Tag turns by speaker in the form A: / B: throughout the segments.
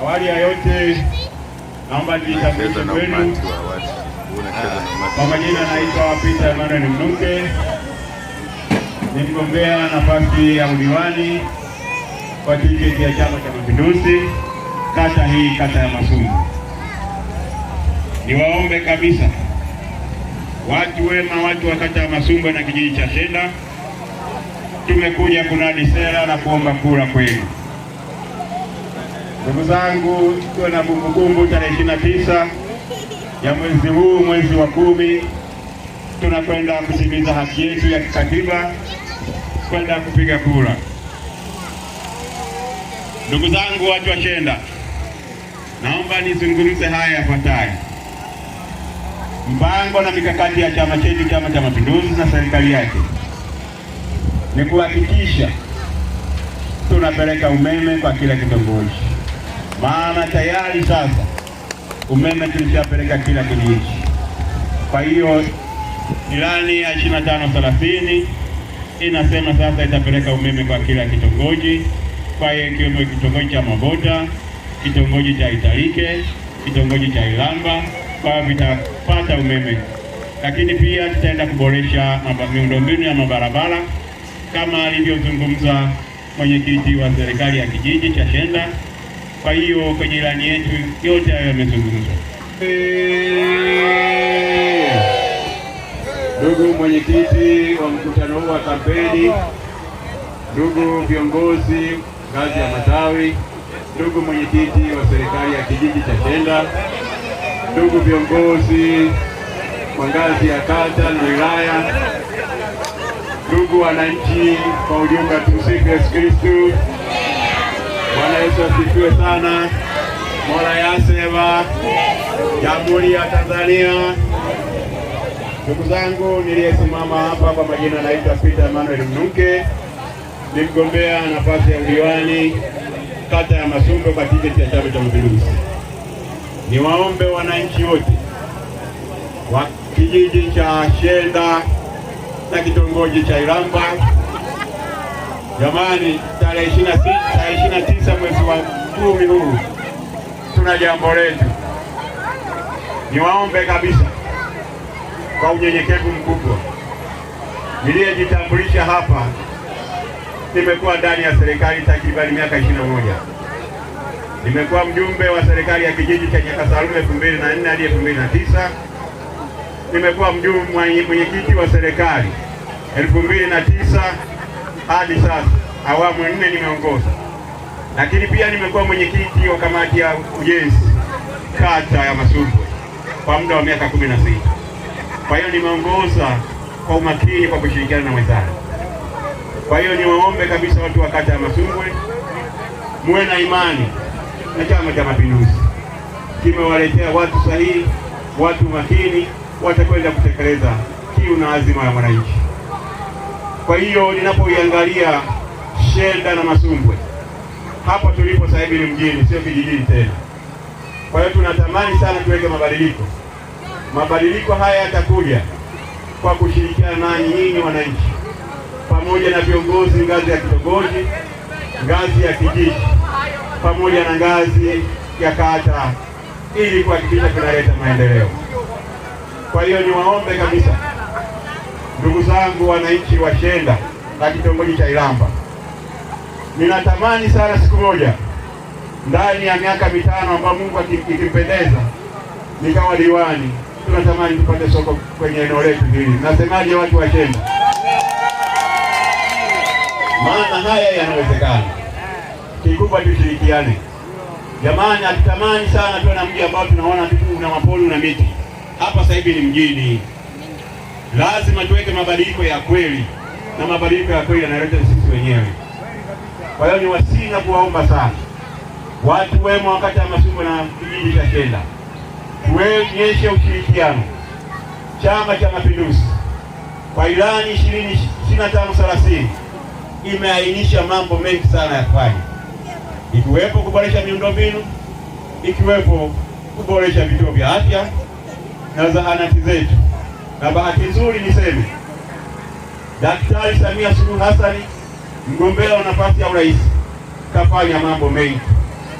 A: Awali ya yote naomba nijitambulishe kwenu. Kwa majina naitwa Peter Emmanuel Mnunke, ni mgombea nafasi ya udiwani kwa tiketi ya Chama cha Mapinduzi kata hii, kata ya Masungu. Niwaombe kabisa watu wema, watu wa kata ya Masungu na kijiji cha Shenda, tumekuja kunadi sera na kuomba kura kwenu. Ndugu zangu, tukiwa na kumbukumbu tarehe ishirini na tisa ya mwezi huu, mwezi wa kumi, tunakwenda kutimiza haki yetu ya kikatiba kwenda kupiga kura. Ndugu zangu, watu wa naomba nizungumze haya yafuatayo. Mpango na mikakati ya chama chetu, Chama cha Mapinduzi na serikali yake ni kuhakikisha tunapeleka umeme kwa kila kitongoji maana tayari sasa umeme tulishapeleka kila kijiji. Kwa hiyo ilani ya 25 30 inasema sasa itapeleka umeme kwa kila kitongoji, kwa hiyo ikiwemo kitongoji cha Mabota, kitongoji cha Italike, kitongoji cha Ilamba, kwa hiyo vitapata umeme. Lakini pia tutaenda kuboresha miundombinu ya mabarabara kama alivyozungumza mwenyekiti wa serikali ya kijiji cha Shenda kwa hiyo kwenye ilani yetu yote hayo yamezungumzwa.
B: Ndugu mwenyekiti wa mkutano huu wa kampeni, ndugu viongozi ngazi ya matawi, ndugu mwenyekiti wa serikali ya kijiji cha Tenda, ndugu viongozi kwa ngazi ya kata na wilaya, ndugu wananchi kwa ujumla, tumsifu Yesu kristu Bwana Yesu asifiwe sana. Mola yasema Jamhuri ya Tanzania. Ndugu zangu, niliyesimama hapa kwa majina naitwa Peter Emmanuel Mnunke, ni mgombea nafasi ya udiwani kata ya Masumbe kwa tiketi ya Chama cha Mapinduzi. Niwaombe wananchi wote wa kijiji cha Shenda na kitongoji cha Iramba, jamani tarehe 29 mwezi wa kumi huu tuna jambo letu. Niwaombe kabisa kwa unyenyekevu mkubwa, niliyejitambulisha hapa, nimekuwa ndani ya serikali takribani miaka 21. Nimekuwa mjumbe wa serikali ya kijiji cha Nyakasalume 2004 hadi 2009. Nimekuwa mjumbe mwenyekiti wa serikali 2009 hadi sasa awamu nne nimeongoza, lakini pia nimekuwa mwenyekiti wa kamati ya ujenzi kata ya Masumbwe kwa muda wa miaka kumi na sita. Kwa hiyo nimeongoza kwa umakini kwa kushirikiana na mwenzangu. Kwa hiyo niwaombe kabisa watu wa kata ya Masumbwe muwe na imani na Chama cha Mapinduzi, kimewaletea watu sahihi, watu makini, watakwenda kutekeleza kiu na azima ya mwananchi. Kwa hiyo ninapoiangalia shenda na Masumbwe, hapa tulipo sasa hivi ni mjini, sio kijijini tena. Kwa hiyo tunatamani sana tuweke mabadiliko. Mabadiliko haya yatakuja kwa kushirikiana nanyi nyinyi wananchi, pamoja na viongozi ngazi ya kitongoji, ngazi ya kijiji, pamoja na ngazi ya kata, ili kuhakikisha tunaleta maendeleo. Kwa hiyo niwaombe kabisa, ndugu zangu wananchi wa Shenda na kitongoji cha Ilamba Ninatamani sana siku moja ndani ya miaka mitano ambayo Mungu akimpendeza nikawa diwani, tunatamani tupate soko kwenye eneo letu hili. Nasemaje, watu wa Chemba? Maana haya yanawezekana, kikubwa tushirikiane jamani. Hatutamani sana tuwe na mji ambao tunaona tu una mapoli na miti. Hapa sasa hivi ni mjini, lazima tuweke mabadiliko ya kweli, na mabadiliko ya kweli yanaleta sisi wenyewe. Kwa hiyo ni wasii na kuwaomba sana watu wema wa kata ya na kijiji cha Kyela, tuonyeshe ushirikiano Chama cha Mapinduzi kwa ilani ishirini na tano thelathini imeainisha mambo mengi sana ya kufanya, ikiwepo kuboresha miundombinu, ikiwepo kuboresha vituo vya afya na zahanati zetu. Na bahati nzuri niseme Daktari Samia Suluhu Hassan mgombea wa nafasi ya urais kafanya mambo mengi,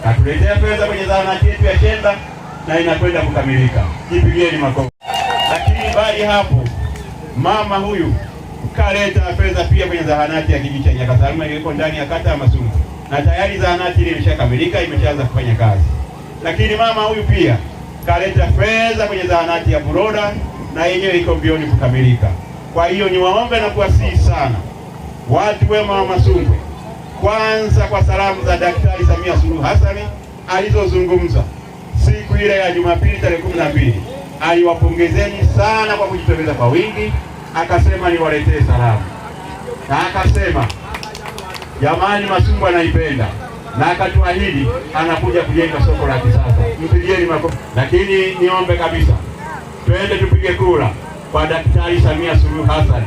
B: katuletea pesa kwenye zahanati yetu ya Shenda na inakwenda kukamilika, jipigieni makofi. Lakini bali hapo, mama huyu kaleta pesa pia kwenye zahanati ya kijiji cha Nyakasalama iliyoko ndani ya kata ya Masumu, na tayari zahanati ile imeshakamilika, imeshaanza kufanya kazi. Lakini mama huyu pia kaleta fedha kwenye zahanati ya Buroda na yenyewe iko mbioni kukamilika. Kwa hiyo niwaombe na kuwasihi sana watu wema wa Masumbwe, kwanza kwa salamu za Daktari Samia Suluhu Hassan alizozungumza siku ile ya Jumapili tarehe kumi na mbili, aliwapongezeni sana kwa kujitokeza kwa wingi. Akasema niwaletee salamu na akasema jamani, Masumbwe anaipenda na akatuahidi anakuja kujenga soko la kisasa. Mpigieni makofi. Lakini niombe kabisa, twende tupige kura kwa Daktari Samia Suluhu Hassan.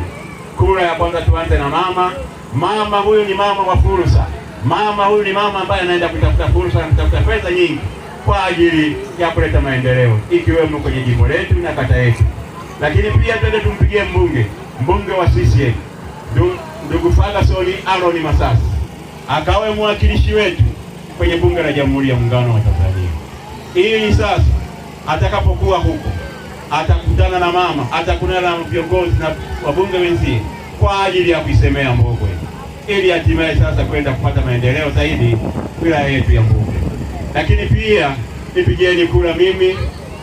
B: Kura ya kwanza tuanze na mama. Mama huyu ni mama wa fursa, mama huyu ni mama ambaye anaenda kutafuta fursa, na kutafuta fedha nyingi kwa ajili ya kuleta maendeleo, ikiwemo kwenye jimbo letu na kata yetu. Lakini pia tuende tumpigie mbunge, mbunge wa CCM ndugu Fagasoni Aroni Masasi, akawe mwakilishi wetu kwenye bunge la Jamhuri ya Muungano wa Tanzania, ili sasa atakapokuwa huko atakutana na mama, atakutana na viongozi na wabunge wenzie kwa ajili ya kuisemea Mbogwe ili hatimaye sasa kwenda kupata maendeleo zaidi wilaya yetu ya Mbogwe. Lakini pia nipigieni kura mimi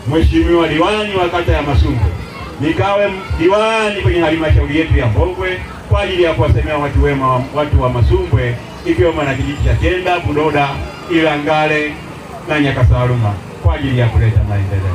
B: mheshimiwa diwani wa kata ya Masumbu, nikawe diwani kwenye halmashauri yetu ya Mbogwe kwa ajili ya kuwasemea watu wema, watu wa Masumbwe ikiwa mwana kijiji cha Kenda, Budoda, Ilangale na nyakasaruma kwa ajili ya kuleta maendeleo.